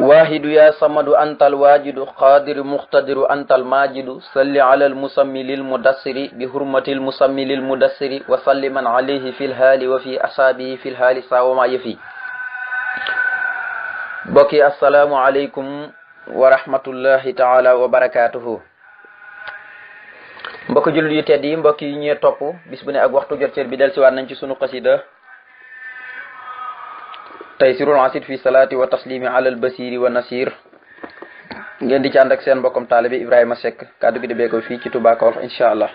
waahidu yaa samadu antal waajidu qaadiru muqtadiru antal maajidu salli ala almusammi lil mudassiri bi almusammi lil mudassiri wa salli man alayhi fi lhaali wa fi asaabihi fi lhaali ma yëfi bokki asalaamu aleykum wa taala wa barakaatuhu mbokk yi ñee topp bu ne ak waxtu jot bi del nañ ci sunu xasida tey taysirul asid fi salaati wa taslimi alal basiri wa nasir ngeen di ci ànd ak seen mbokkam taalibe Ibrahima Seck kàddu gi di beeko fii ci Touba Kaolack incha allah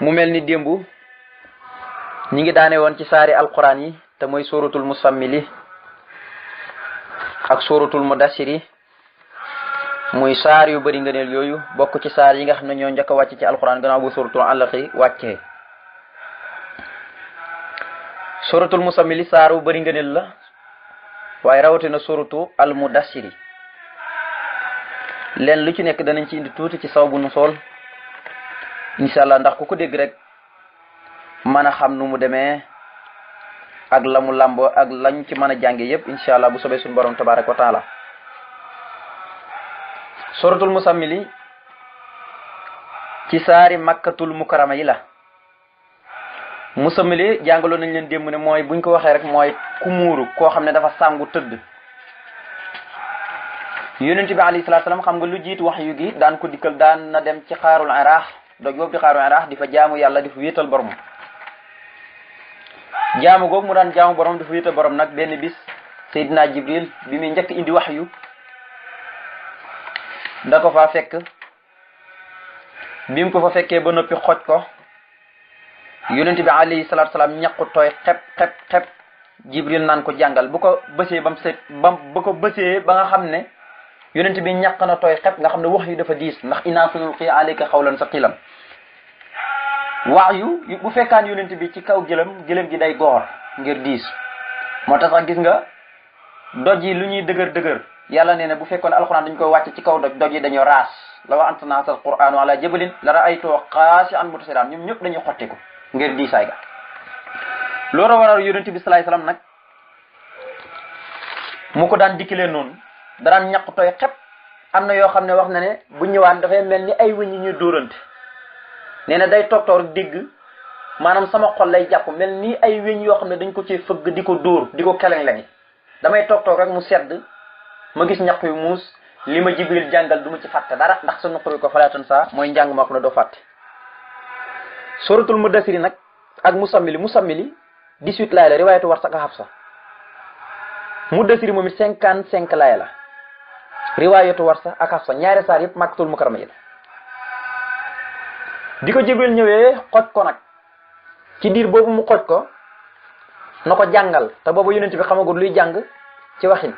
mu mel ni démb ñi ngi daane woon ci saari alquran yi te mooy sóoratul musammili ak sóoratul mudassiri muy saar yu bëri ngëneel yooyu bokk ci saar yi nga xam ne ñoo njëkk a wàcc ci alquran gannaaw bu sóoratul alaqi wàccee suratul musammili saaru bëri ngëneel la waaye rawatina suratu al mudassiri leen lu ci nekk danañ ci indi tuuti ci saw bu nu sool incha allah ndax ku ko dégg rek mën a xam nu mu demee ak la mu làmboo ak lañ ci mën a jànge yépp incha allah bu sobee suñu borom tabaaraka wa taala suratul musammili ci saari makkatul mukarama yi la mu musamile jàngaloon nañ leen démb ne mooy buñ ko waxee rek mooy ku muuru koo xam ne dafa sàngu tëdd yonent bi alayhi salaatu salaam xam nga lu jiit wax yu gi daan ko dikkal daan na dem ci xaarul iraax doj boobu di xaarul iraax di fa jaamu yàlla di fa wéetal borom jaamu googu mu daan jaamu borom di fa wéetal borom nag benn bis Seydina Jibril bi muy njëkk indi wax yu da ko faa fekk bi mu ko fa fekkee ba noppi xooj ko yonent bi alayhi salaatu salaam ñaqu tooy xep xep xep jibril naan ko jàngal bu ko bësee ba mu set ba ko bësee ba nga xam ne yonent bi ñaq na tooy xep nga xam ne wax yu dafa diis ndax inaa sunulqii alayka xawlan sa qilam wax yu bu fekkaan yonent bi ci kaw gëlëm gëlëm gi day goor ngir diis moo tax sax gis nga doj yi lu ñuy dëgër dëgër yàlla nee na bu fekkoon alxuraan dañ koy wàcc ci kaw doj doj yi dañoo raas la wa antanasal qur'aanu ala jabalin la ra aytoo xaasi an mutasiraan ñoom ñëpp dañuy xottiku ngir diisaay ga loolu waral yonent bi salaay salaam nag mu ko daan dikkilee noonu daraan ñaq tooy xep am na yoo xam ne wax na ne bu ñëwaan dafay mel ni ay wëñ yi ñuy dóorante day togtoor dégg maanaam sama xol lay jàpp mel ni ay weñ yoo xam ne dañ ko ci fëgg di ko dóor di ko keleng-lengi damay togtoor rek mu sedd ma gis ñaq yu muus li ma jibril jàngal du ma ci fàtte dara ndax sa nuquri ko falaatan saa mooy njàng moo xam ne doo fàtte suratul mudathiri nag ak mu musammili musammili 18 laay la riwaayatu warsak ak hafsa mudathiri moom it 55 laay la riwaayatu warsa ak hafsa ñaari saar yëpp makkatul mukarrama yi ko jibril ñëwee xooj ko nag ci diir boobu mu ko na jàngal te boobu yonent bi xamagul luy jàng ci waxin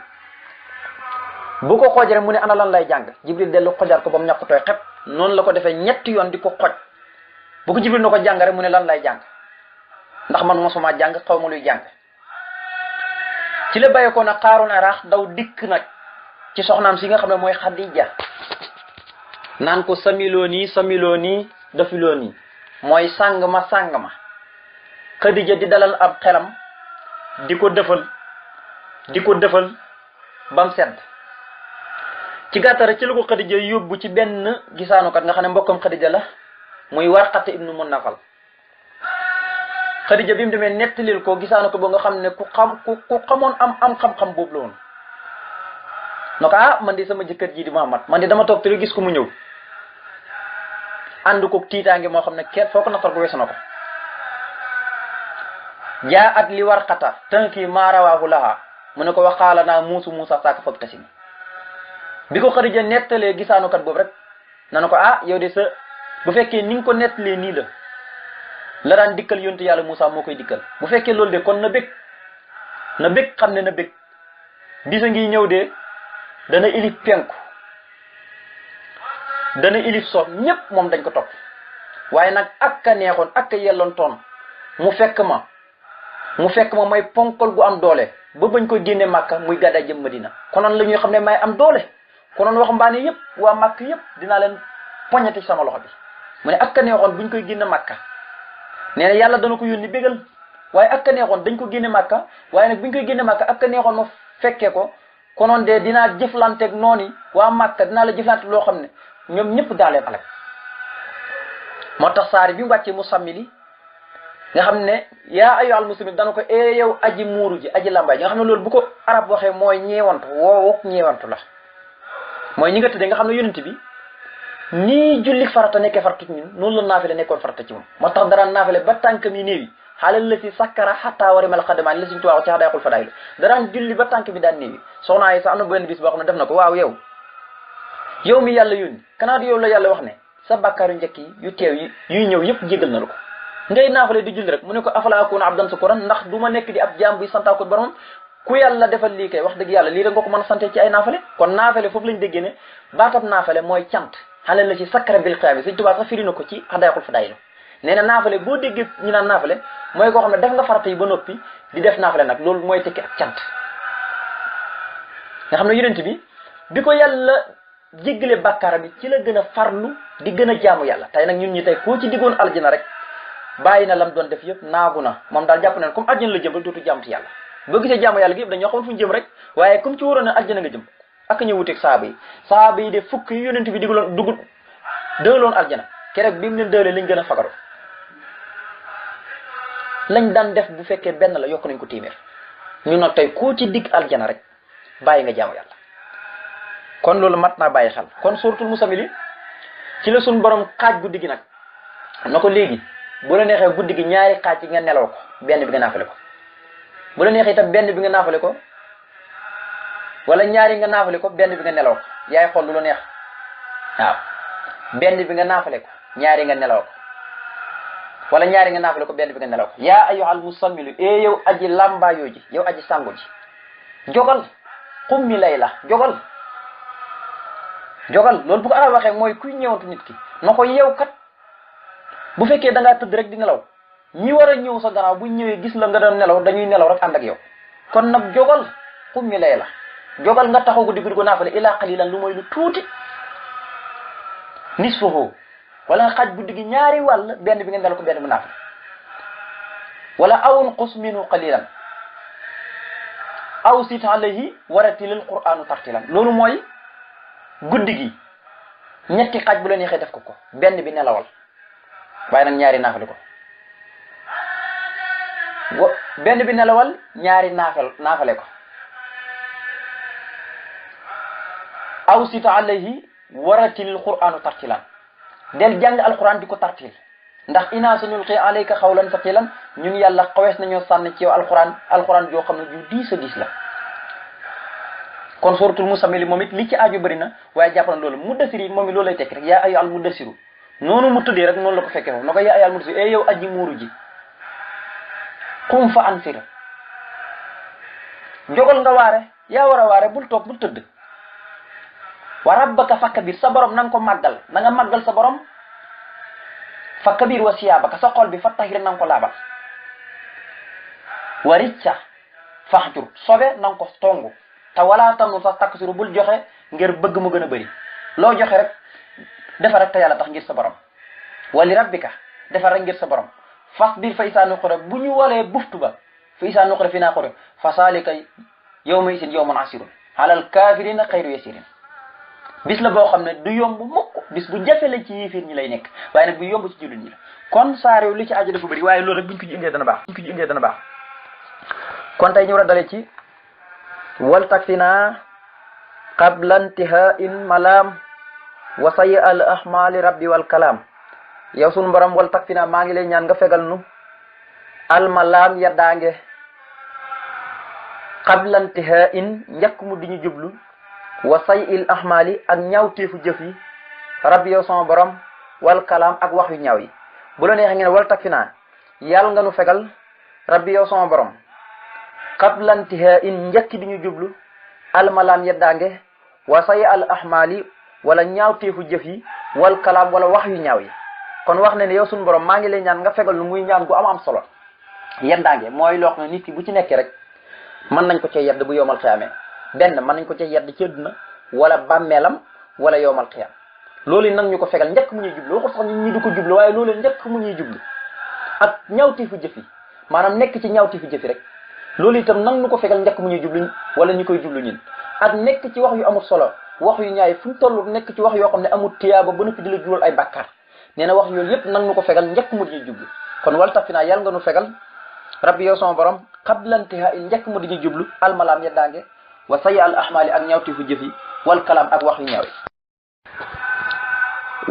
bu ko xooj mu ne ana lan lay jàng jibril dellu xojaat ko ba mu ñàkk tooy xep noonu la ko defee ñetti yoon di ko xooj bu ko jibril na ko jàng mu ne lan lay jàng ndax man mosuma jàng xaw ma luy jàng ci la bàyyeekoo nag xaaruna raax daw dikk nag ci soxnaam si nga xam ne mooy xadija naan ko samiloo nii samiloo nii dafiloo nii mooy sàng ma sàng ma xadija di dalal ab xelam di ko dëfal di ko dëfal bam sedd ci gàttara ci la ko xadija yóbbu ci benn gisaanukat nga xam ne mbokkam xadija la muy warqat ibnu munnafal xadija bi mu demee nettalil ko gisaana ko ba nga xam ne ku xam ku ku xamoon am am xam-xam boobu la woon ko ah man di sama jëkkër ji di Muhammad man di dama toog te gis ko mu ñëw ànd ko tiitaange moo xam ne kenn foo ko nattar weesu na ko jaa at li warqata tënki maarawaahu laha mu ne ko waxaala naa muusu muusa saaka fab tasim bi ko xarija nettalee gisaanukat boobu rek na na ko ah yow de sa bu fekkee ni nga ko nettalee nii la la daan dikkal yontu yàlla Moussa moo koy dikkal bu fekkee loolu de kon na bég na bég xam ne na bég bisa ngi ñëw de dana ilif penku dana ilif soob ñépp moom dañ ko topp waaye nag ak a neexoon ak a yelloon mu fekk ma mu fekk ma may ponkol gu am doole ba bañ ko génne màkka muy gàddaay jëm Madina konoon la ñuy xam ne may am doole konoon waxambaane yëpp waa màkk yëpp dinaa leen poñati sama loxo bi mu ne ak ka neexoon buñ koy génne màkka nee ne yàlla dana ko ni bégal waaye ak ka neexoon dañ ko génne màkka waaye nag buñ koy génne màkka ak ka neexoon ma fekkee ko konoon de dinaa jëflanteeg noonu waa màkka dinaa la jëflante loo xam ne ñoom ñëpp daaleen alak moo tax saari bi mu wàccee mu sàmmili nga xam ne yaa ayu al muslimin dana ko ee yow aji muuru ji aji làmbaay ji nga xam ne loolu bu ko arab waxee mooy ñeewantu woo wook ñeewantu la mooy ñi nga tëddee nga xam ne yonent bi nii julli farata nekkee farata ci ñun noonu la naafile nekkoon farata ci moom moo tax dara naafile ba tànkam yi néew yi xaalal la si sakkara xataa wari mel xadamaan la suñ tuwaax ci xadaa xul fadaay la daraan julli ba tànk bi daan néew yi soxnaa yi sax am na benn bis boo xam ne def na ko waaw yow yow mi yàlla yónni kanaat yow la yàlla wax ne sa bàkkaaru njëkk yi yu teew yi yuy ñëw yëpp jégal na la ko ngay naafale di julli rek mu ne ko afala akuna abdan sakuran ndax du ma nekk di ab jaam buy santaako boromam ku yàlla defal lii kay wax dëgg yàlla lii rek nga ko a sante ci ay naafale kon naafale foofu mooy cant xale la ci sakkara bil xiyaam Sëñ Tuubaa ko ci xadaayxul fa daayinu nee boo déggee ñu naan naafale mooy koo xam ne def nga farata yi noppi di def naafale nag loolu mooy tekki ak cant nga xam ne yonent bi bi ko yàlla jéggale bàkkaara bi ci la gën a farlu di gën a jaamu yàlla tey nag ñun ñi tey koo ci diggoon aljana rek bàyyi na lam doon def yëpp naagu na moom daal jàpp na ne comme aljana la jëm rek dootu jaamu ci yàlla boo gisee jaamu yàlla gi yëpp dañoo xamoon fu jëm rek waaye comme ci waroon ne aljana nga jëm ak ñu wuteeg saaba yi saaba yi de fukk yu yonent bi digaloon dugg dëgloon aljana keroog bi mu leen dëglee lañ gën a fagaru lañ daan def bu fekkee benn la yokk nañ ko téeméer ñu nag tey ko ci digg aljana rek bàyyi nga jaamu yàlla kon loolu mat naa bàyyi xel kon suuratul musammil ci la suñ borom xaaj guddi gi nag na ko léegi bu la neexee guddi gi ñaari kaaj yi nga nelaw ko benn bi nga naafale ko bu la neexee itam benn bi nga naafale ko wala ñaari nga naafale ko benn bi nga nelaw ko yaay xool lu la neex benn bi nga naafale ko ñaari nga nelaw ko wala ñaari nga ko benn bi nga nelaw ko yaa ayyuhal musammilu e eh yow aji lambaayoo ji yow aji sangu jogal xummi lay la jogal jogal loolu bu ko mooy kuy ñëwantu nit ki na ko yow kat bu fekkee da tëdd rek di nelaw ñi war a ñëw sa gannaaw bu ñëwee gis la nga doon nelaw dañuy nelaw rek ànd ak yow kon nag jogal xummi lay la jogal nga taxaw guddi guddi ko naafale illa qalilan lu mooy lu tuuti nisfuhu wala nga xaaj guddi gi ñaari wàll benn bi ngeen ko benn bu naafale wala awun qus minhu qalilan aw sit alayhi waratilil qur'anu tartilan loolu mooy guddi gi ñetti xaaj bu la neexee def ko ko benn bi nelawal waaye ñaari naafale ko benn bi nelawal ñaari naafal naafale ko awsitu alayhi waratilil qur'anu tartilan del jàng alquran di ko tartil ndax inaa sanulqi alayka xawlan saqilan ñun yàlla xawees nañoo sànni ci yow alquran alquran xam ne ju diis a diis la kon suratul musammil moom li ci aaju bëri na waaye jàpp na loolu muddasir yi moom it loolu lay tekk rek yaa ayu al muddasiru noonu mu tuddee rek noonu la ko fekkee foofu na ko yaa ayu al muddasiru e yow aji muuru ji xum fa ansir jogal nga waare yaa war a waare bul toog bul tëdd wa rabbaka fakkabir sa borom nang ko màggal na nga màggal sa borom fakkabir wa siyaabaka sa xol bi fa tahir na nga ko laabal wa ricca faxjur sobe na nga ko tongu te walaa tamnu sax takk bul joxe ngir bëgg mu gën a bëri loo joxe rek defa rek te yàlla tax ngir sa borom wali rabbika defa rek ngir sa borom fas biir fa isaa nuqura bu ñu walee buftu ba fa isaa nuqura fi naa xure fa saalika yawma isin yawmun asirun alal kafirina xayru yasirin bis la boo xam ne du yomb mukk bis bu jafe la ci yéeféer ñi lay nekk waaye nag bu yomb ci jullit ñi kon saare yu li ci aju dafa bëri waaye loolu rek buñ ko ci indee dana baax buñ ko ci indee dana baax kon tey ñu war a ci wal takfina qabla intihaa in malaam wa sayi al ahmali rabbi wal kalaam yow sunu borom wal takfina maa ngi lay ñaan nga fegal nu al malaam ya daange in njëkk mu di ñu jublu wa say il ahmaal ak ñaaw téefu jëf yi rabbi yow sama borom wal kalaam ak wax yu ñaaw yi bu la neexee ngeen wal takfi naa yàlla nga nu fegal rabbi yow sama borom xablantiha in njëkk bi ñu jublu almalaam yeddaange wa say al ahmaal yi wala ñaaw téefu jëf yi wal kalaam wala wax yu ñaaw yi kon wax ne ne yow suñu borom maa ngi lay ñaan nga fegal lu muy ñaan gu am am solo yeddaange mooy loo xam ne nit ki bu ci nekkee rek mën nañ ko cee yedd bu yomal xiyaamee benn mën nañ ko ca yedd ci na wala bàmmeelam wala yowmal xiyaam loolu nan ñu ko fegal njëkk mu ñuy jublu waxul du ko jublu waaye loolu njëkk mu ñuy jublu ak ñawtiifu jëf yi maanaam nekk ci ñawtiifu jëf yi rek loolu itam nan ñu ko fegal njëkk mu ñuy jublu wala ñu koy jublu ñun ak nekk ci wax yu amul solo wax yu ñaay fu ñu toll nekk ci wax yoo xam ne amul tiyaaba ba noppi di la jural ay bàkkaar nee na wax yooyu yëpp nan ñu ko fegal njëkk mu ñuy jublu kon wal tax fi naa nga nu fegal rabbi yow sama borom xablantiha il njëkk mu dañuy jublu almalaam yeddaange wa sayi al ahmaali ak ñaawtifu jëf yi wal kalaam ak wax yu ñaaw yi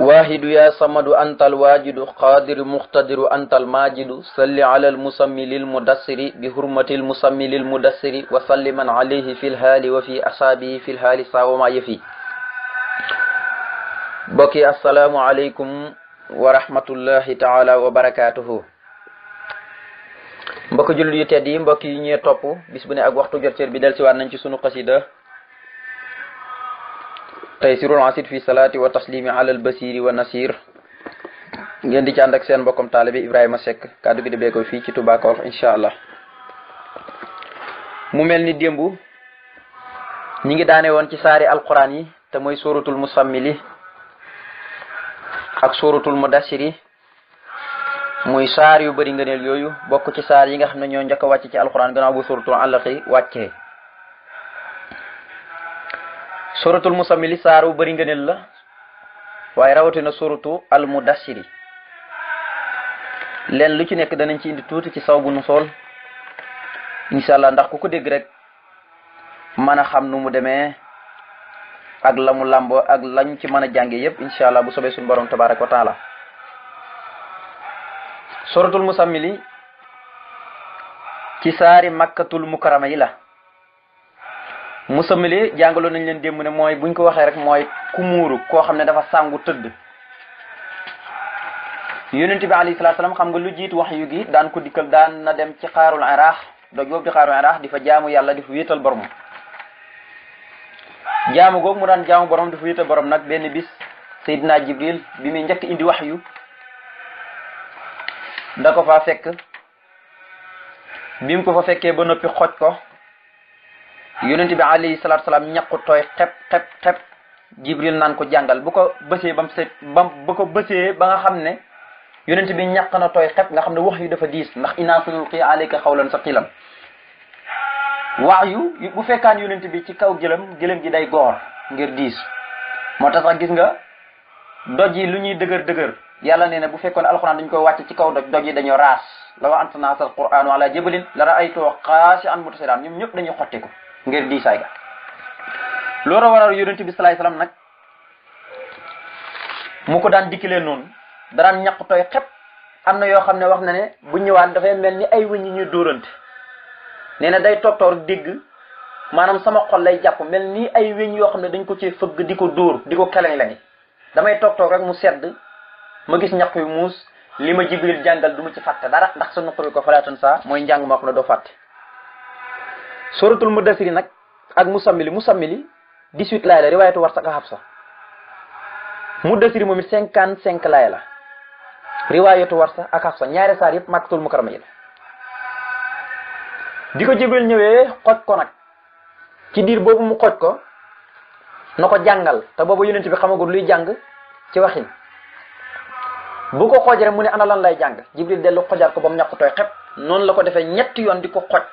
waahidu yaa samadu antal waajidu qaadiru muqtadiru antal maajidu salli ala almusammi lil mudassiri bi hurmati almusammi lil mudassiri wa salli man alayhi fi lhaali wa fi asaabihi fi lhaali saawama yëfi bokki asalaamu aleykum wa rahmatullahi taala wa barakaatuhu mbokk jullit yu tedd yi mbokk yi ñee topp bis bu ne ak waxtu jot cër bi del siwaat nañ ci sunu xasida taysirul asid fi salaati wa taslimi ala al basiri wa nasir ngeen di ci ànd ak seen mbokkom taalibe Ibrahima Seck kàddu gi di bee ko fii ci Touba Kaolack allah mu mel ni démb ñi ngi daane woon ci saari alquran yi te mooy suratul musammili ak mu mudassiri muy saar yu nga ngëneel yooyu bokk ci saar yi nga xam ne ñoo njëkk a ci alquran gannaaw bu suratul alaqi wàccee suratul musammili saar wu bëri ngëneel la waaye rawatina suratu al mudassiri leen lu ci nekk danañ ci indi tuuti ci saw bu nu sool incha allah ndax ku ko dégg rek mën a xam nu mu demee ak la mu làmboo ak lañ ci mën a jàngee yépp incha allah bu sobee suñu borom tabarak wa suratul musammili ci saari makkatul mukarama yi la musammili jàngaloon nañ leen démb ne mooy buñ ko waxee rek mooy ku muuru koo xam ne dafa sàngu tëdd yonent bi alayhi salaatu salaam xam nga lu jiit wax yu gi daan ko dikkal daan na dem ci xaarul iraax doj boobu di xaarul iraax di fa jaamu yàlla di fa wéetal borom jaamu googu mu daan jaamu borom di fa borom nag benn bis Seydina Jibril bi muy njëkk indi wax yu da ko faa fekk bi mu ko fa fekkee ba noppi xooj ko yonent bi alayhi salaatu salaam ñaqu tooy xep xep xep jibril naan ko jàngal bu ko bësee ba mu set ba ba ko bësee ba nga xam ne yonent bi ñaq na tooy xep nga xam ne wax yu dafa diis ndax inaa sunulqi alayka xawlan saqilan wax yu bu fekkaan yonent bi ci kaw gëlëm gëlëm gi day goor ngir diis moo tax sax gis nga doj yi lu ñuy dëgër dëgër yàlla nee na bu fekkoon alquran dañ koy wàcc ci kaw doj doj yi dañoo raas law anzalna haazal qur'aana alaa jabalin la ra'aytahu xaashi'an mutasaddi'an ñoom ñëpp dañuy xottiku ngir diisaay ga loolu waral yonent bi salaay salaam nag mu ko daan dikkilee noonu daraan ñaq tooy xepp am na yoo xam ne wax na ne bu ñëwaat dafay mel ni ay wëñ yi ñuy dóorante day togtoor dégg maanaam sama xol lay jàpp mel ni ay weñ yoo xam ne dañ ko ci fëgg di ko dóor di ko keleñ lañ damay togtoor rek mu sedd ma gis ñaq yu muus li ma jibril jàngal du ma ci fàtte dara ndax sa nuqurul ko falaatun saa mooy njàng moo xam ne doo fàtte suratul mudassiri nag ak musammili musammili 18 mu la riwaayatu warsak a xabsa mudassiri moom it 55 laay la riwaayatu warsa ak xabsa ñaari saar yëpp màkkatul mukarama yi la bi ko jibril ñëwee xoj ko nag ci diir boobu mu xooj ko na ko jàngal te boobu yonent bi xamagul luy jàng ci waxin bu ko xooj rek mu ne ana lan lay jàng jibril dellu xojaat ko ba mu ñàkk tooy xep noonu la ko defee ñetti yoon di ko xoj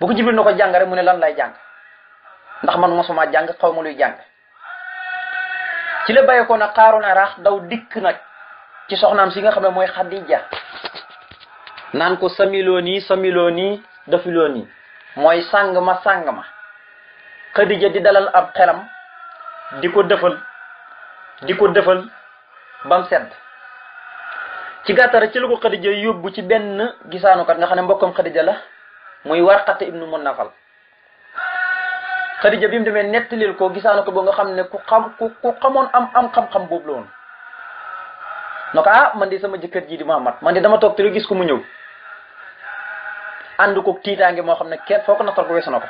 bu ko jibril na ko jàng rek mu ne lan lay jàng ndax man mosuma jàng xaw ma luy jàng ci la bàyyi ko nag xaaroon raax daw dikk nag ci soxnaam si nga xam ne mooy Xadija naan ko samiloo nii samiloo nii dafiloo nii mooy sàng ma sàng ma Xadija di dalal ab xelam di ko dëfal di ko dëfal bam sedd ci gàttal ci lu ko Xadija yóbbu ci benn gisaanukat nga xam ne mbokkam Xadija la muy Warqat ibnu Munnafal Xadija bi mu demee nettalil ko gisaanukat boo nga xam ne ku xam ku xamoon am am xam-xam boobu la woon ah man de sama jëkkër ji di Muhammad man de dama toog te lu gis ko mu ñëw ànd ko tiitaange moo xam ne kenn foo ko nattal ko weesu na ko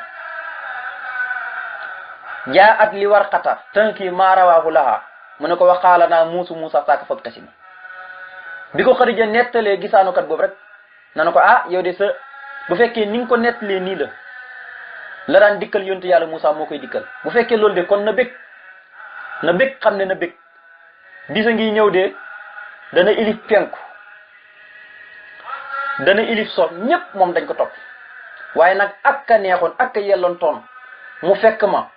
jaa at li Warqata tënki maa rawaahu laha mu ne ko waxaala naa muusu muusa saaka fag tasima bi ko Xadija nettalee gisaanukat boobu rek na na ko ah yow de sa bu fekkee ni nga ko nettalee nii la la daan dikkal yontu yàlla Moussa moo koy dikkal bu fekkee loolu de kon na bég na bég xam ne na bég bisa ngi ñëw de dana ilif penku dana ilif so ñépp moom dañ ko topp waaye nag ak ka neexoon ak ka yelloon toon mu fekk ma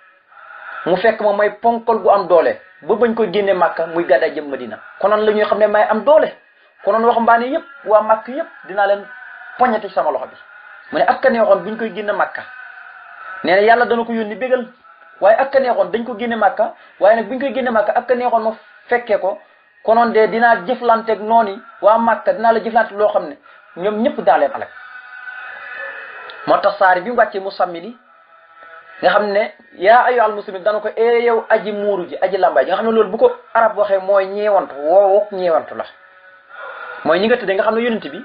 mu fekk ma may ponkol gu am doole ba bañ ko génne màkka muy gàddaay jëm Madina konoon la ñuy xam ne may am doole konoon waxambaane yëpp waa màkk yëpp dina leen poñati sama loxo bi mu ne ak ka neexoon buñ koy génne màkka nee na yàlla dana ko yónni bégal waaye ak ka neexoon dañ ko génne màkka waaye nag buñ koy génne màkka ak ka neexoon ma fekkee ko konoon de dinaa jëflanteeg noonu waa màkka dinaa la jëflante loo xam ne ñoom ñëpp daa leen alak moo tax saari bi mu wàccee mu sàmmi nga xam ne yaa ayu al muslimin dana ko ee yow aji muuru ji aji làmbaay ji nga xam ne loolu bu ko arab waxee mooy ñeewantu woo wook ñeewantu la mooy ñi nga tuddee nga xam ne yonent bi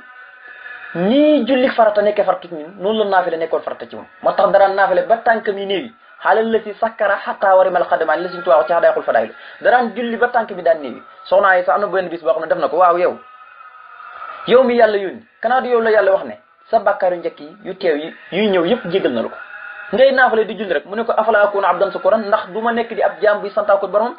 nii julli farata nekkee farata ñun noonu la naafile nekkoon farata ci moom moo tax dara naafile ba tànkam yi néewi xaalal la si sakkara xataa warimal xadamaan la suñu tuwaax ci daraan julli ba tànk bi daan néewi soxnaa yi sax am na benn bis boo xam ne def na ko waaw yow yow mi yàlla yónni kanaa du yow la yàlla wax ne sa bàkkaaru njëkk yi yu teew yi yuy ñëw yëpp jégal na la ko ngay naafale di julli rek mu ne ko afala akuna abdan sukuran ndax du ma nekk di ab jaam buy santaakoon boromam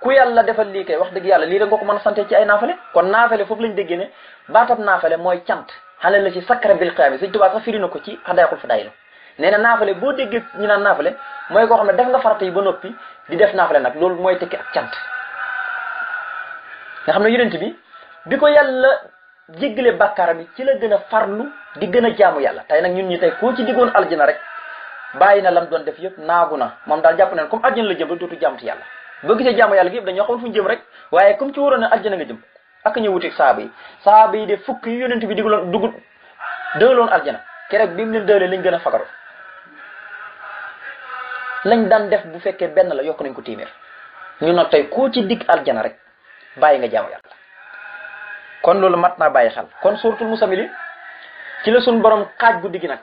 ku yàlla defal lii kay wax dëgg yàlla lii da nga ko mën a sante ci ay naafale kon naafale foofu lañ déggee ne baatab naafale mooy cant xale la ci sakkara bil xiyaami sëñ Tuubaa sax firi na ko ci xadaayqul fadaayil nee na naafale boo déggee ñu naan naafale mooy koo xam ne def ba noppi di def naafale nag loolu mooy tekki ak cant nga xam ne yonent bi bi ko yàlla jéggale bàkkaaram yi ci la gën a farlu di gën a jaamu yàlla tey nag ñun ñu tey koo ci diggoon aljana rek bàyyi na lam doon def yëpp naagu na moom daal jàpp nañ comme aljana la jëm rek dootu jaamu yàlla bëgg ca jaamu yàlla yëpp dañoo xamul fu jëm rek waaye ci waroon a aljana nga jëm ak ñu wuteeg saaba yi saaba yi de fukk yu yonent bi digaloon dugg dëgaloon aljana keroog bi mu leen dëgalee gën a fagaru daan def bu fekkee benn la yokk nañ ko téeméer ñu nag tey koo ci digg aljana rek bàyyi nga jaamu yàlla kon loolu mat naa bàyyi xel kon suuratul muzammil ci la suñ borom xaaj guddi gi nag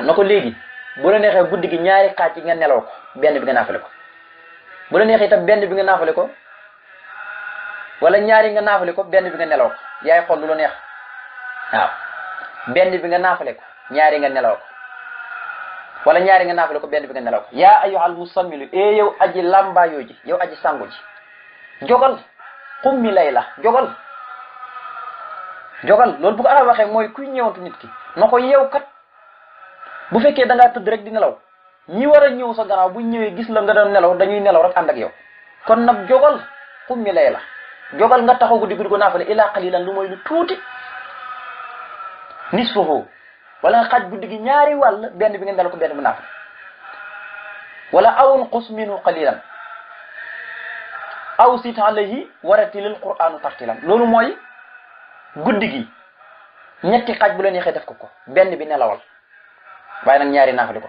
na ko léegi bu la neexee guddi gi ñaari kaaj yi nga nelaw ko benn bi nga naafale ko bu la neexee itam benn bi nga naafale ko wala ñaari nga naafale ko benn bi nga nelaw ko yaay xool lu la neex waaw benn bi nga naafale ko ñaari nga nelaw ko wala ñaari nga naafale ko benn bi nga nelaw ko yaa ayyuhal musammilu e yow aji lambaayoo ji yow aji sangu ji jogal xummi lay la jogal jogal loolu bu ko arab waxee mooy kuy ñëwantu nit ki na ko yeew kat bu fekkee da ngaa tëdd rek di nelaw ñi war a ñëw sa garaaw bu ñëwee gis la nga doon nelaw dañuy nelaw rek ànd ak yow kon nag jogal xummi lay la jogal nga taxaw guddi guddi ko naafale ilaa qalilan lu mooy lu tuuti nisfahu wala nga xaaj guddi gi ñaari wàll benn bi nga nelaw ko benn bu naafale wala awun qus minhu qalilan aw sit alayhi waratilil qur'anu tartilan loolu mooy guddi gi ñetti xaaj bu la neexee def ko ko benn bi nelawal waaye nag ñaari naafale ko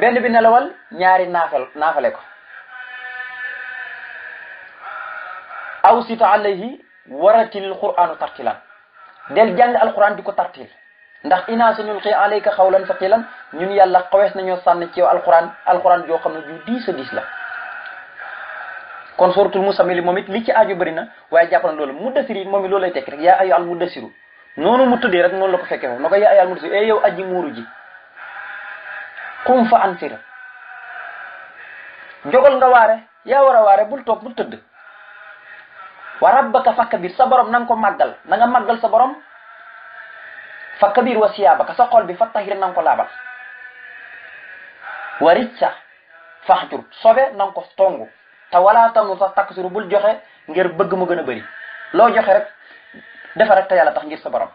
benn bi nelawal ñaari naafal naafale ko aw sita alayhi waratil quranu tartilan del jàng alquran di ko tartil ndax inaa su nulqi alayka xawlan faqilan ñun yàlla na nañoo sànn ci yow alquran alquran joo xam ne diis a diis la kon suratul musammil moom it li ci aaju bëri na waaye jàpp na loolu muddasir yi moom it loolu lay tekki rek yaa ayu al muddasiru noonu mu tuddee rek noonu la ko fekkee foofu na ko yaa ayu al muddasiru e yow aji muuru ji qum fa ansir jogal nga waare yaa war a waare bul toog bul tëdd wa rabbaka fakkabir sa borom na nga ko màggal na màggal sa borom fakkabir wa siyaabaka sa xol bi fa tahir na nga ko laabal wa ricca faxjur sobe na tongu te wala tamul sax taksuru bul joxe ngir bëgg mu gën a bëri loo joxe rek defa rek te yàlla tax ngir sa borom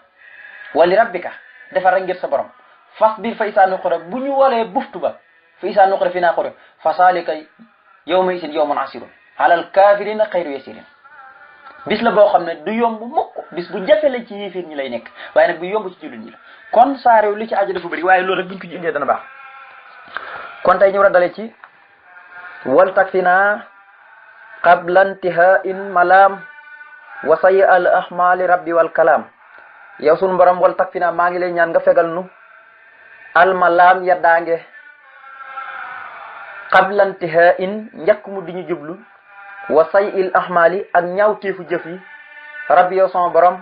wali rabbika defa rek ngir sa borom fasbir fa isaa nuqura bu ñu walee buftu ba fa isaa nuqura fi naa xura fa saalika yawma isin yawmun asirun alal kaafirina xayru yasirin bis la boo xam ne du yomb mukk bis bu jafe la ci yéefir ñi lay nekk waaye nag bu yomb ci jullit ñi kon saa réew li ci aju dafa bëri waaye loolu rek buñ ko ci indee dana baax kon tey ñu war ci wal takfina qabla intihain malaam wa sayi al ahmali rabbi wal kalaam yow sunu borom wal takfina maa ngi lay ñaan nga fegal nu almalaam yaddaange xablantiha in njëkk di ñu jublu wa say il ahmaali ak ñaaw téefu jëf yi rabbi yow sama borom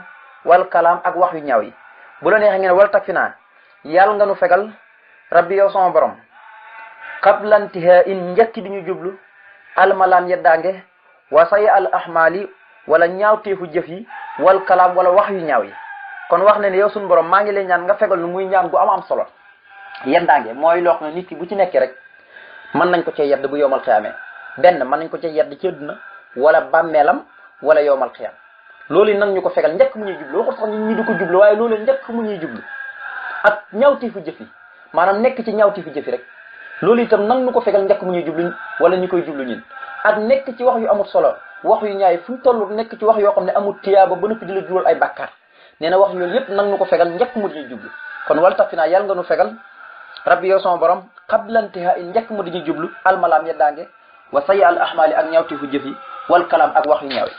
wal kalaam ak wax yu ñaaw yi bu la neexee ngeen wal tag fi naa yàlla nga nu fegal rabbi yow sama borom xablantiha in njëkk di ñu jublu almalaam yaddaange wa say al ahmaali wala ñaaw téefu jëf yi wal kalaam wala wax yu ñaaw yi kon wax ne ne yow suñu borom maa ngi lay ñaan nga fegal nu muy ñaan gu am am solo yendaange mooy loo xam ne nit ki bu ci nekkee rek mën nañ ko cee yedd bu yowmal xiyaamee benn mën nañ ko cee yedd ci na wala bàmmeelam wala yowmal xiyaam loolu yi nan ñu ko fegal njëkk mu ñuy jublu waxul ko jublu waaye loolu njëkk mu ñuy jublu ak ñawtiifu jëf yi maanaam nekk ci ñawtiifu jëf yi rek loolu itam nan ñu ko fegal njëkk mu ñuy jublu wala ñu koy jublu ñun ak nekk ci wax yu amul solo wax yu ñaay fu ñu toll nekk ci wax yoo xam ne amul tiyaaba ba noppi di la jural ay bàkkaar nee na wax yooyu yëpp nan ñu ko fegal njëkk mu ñuy jublu kon wal tax fi naa yàlla nga nu fegal rabbi yow sama borom xablantiha in njëkk mu dañuy jublu almalaam yeddaange wa sayi al ahmaali ak ñaawti fu jëf yi wal kalaam ak wax yu ñaaw yi